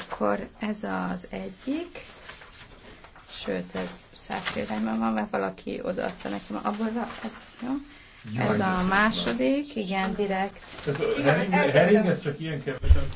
akkor ez az egyik, sőt, ez száz példányban van, mert valaki odaadta nekem abból, ez jó. Ez a második, igen, direkt. Ez a hering, hering, ez csak ilyen kevesen.